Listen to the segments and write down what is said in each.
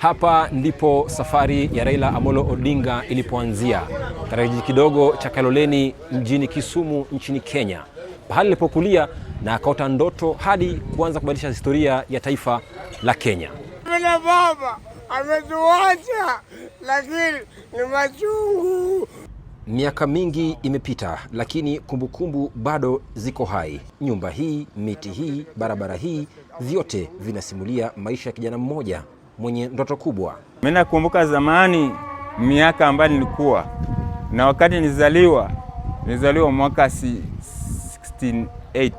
Hapa ndipo safari ya Raila Amolo Odinga ilipoanzia katika kijiji kidogo cha Kaloleni mjini Kisumu nchini Kenya, pahali alipokulia na akaota ndoto hadi kuanza kubadilisha historia ya taifa la Kenya. Vile baba ametuacha, lakini ni machungu. Miaka mingi imepita, lakini kumbukumbu kumbu bado ziko hai. Nyumba hii, miti hii, barabara hii, vyote vinasimulia maisha ya kijana mmoja mwenye ndoto kubwa. Mimi nakumbuka zamani miaka ambayo nilikuwa na wakati nizaliwa, nilizaliwa mwaka 68.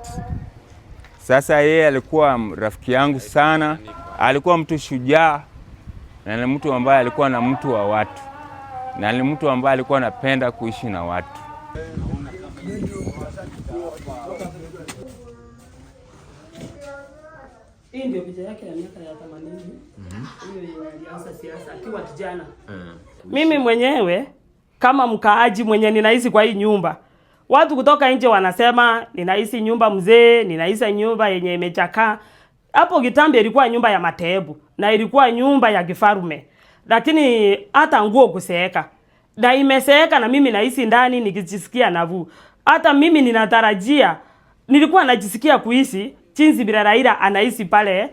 Sasa yeye alikuwa rafiki yangu sana, alikuwa mtu shujaa na ni mtu ambaye alikuwa na mtu wa watu na ni mtu ambaye alikuwa anapenda kuishi na watu. Hii ndio picha yake ya miaka ya 80. Mhm. Hiyo alianza siasa akiwa kijana. Eh. Mimi mwenyewe kama mkaaji mwenye ninaishi kwa hii nyumba. Watu kutoka nje wanasema ninaishi nyumba mzee, ninaishi nyumba yenye imechakaa. Hapo kitambo ilikuwa nyumba ya matebu na ilikuwa nyumba ya kifarume. Lakini hata nguo kuseeka. Na imeseeka na mimi naishi ndani nikijisikia navu. Hata mimi ninatarajia nilikuwa najisikia kuishi chinzi bila Raila anaishi pale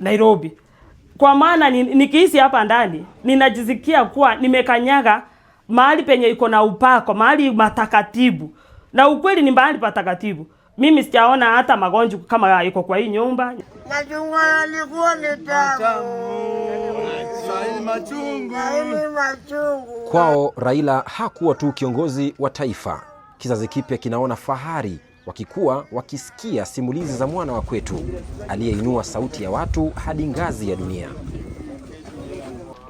Nairobi. Kwa maana nikiishi hapa ndani ninajisikia kuwa nimekanyaga mahali penye iko na upako, mahali matakatifu, na ukweli ni mahali patakatifu. Mimi sijaona hata magonjwa kama iko kwa hii nyumba. Machungwa yalikuwa ni tamu. Kwao Raila hakuwa tu kiongozi wa taifa, kizazi kipya kinaona fahari wakikuwa wakisikia simulizi za mwana wa kwetu aliyeinua sauti ya watu hadi ngazi ya dunia.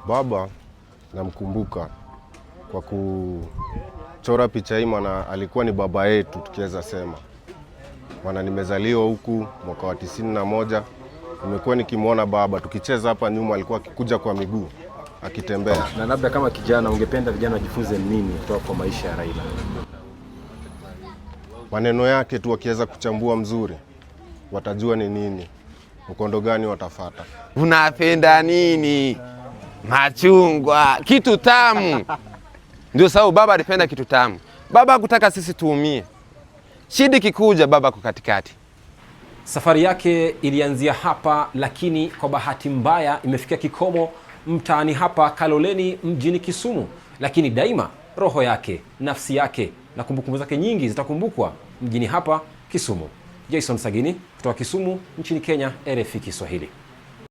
Baba namkumbuka kwa kuchora picha hii, maana alikuwa ni baba yetu tukiweza sema, maana nimezaliwa huku mwaka wa tisini na moja. Nimekuwa nikimwona baba tukicheza hapa nyuma, alikuwa akikuja kwa miguu akitembea. Na labda kama kijana, ungependa vijana wajifunze nini kutoka kwa maisha ya Raila? maneno yake tu wakiweza kuchambua mzuri, watajua ni nini mkondo gani watafata. Unapenda nini? Machungwa, kitu tamu. Ndio sababu baba alipenda kitu tamu. Baba hakutaka sisi tuumie. shidi kikuja, baba kwa katikati. Safari yake ilianzia hapa, lakini kwa bahati mbaya imefikia kikomo mtaani hapa Kaloleni mjini Kisumu, lakini daima roho yake, nafsi yake na kumbukumbu zake nyingi zitakumbukwa mjini hapa Kisumu. Jason Sagini kutoka Kisumu nchini Kenya, RFI Kiswahili.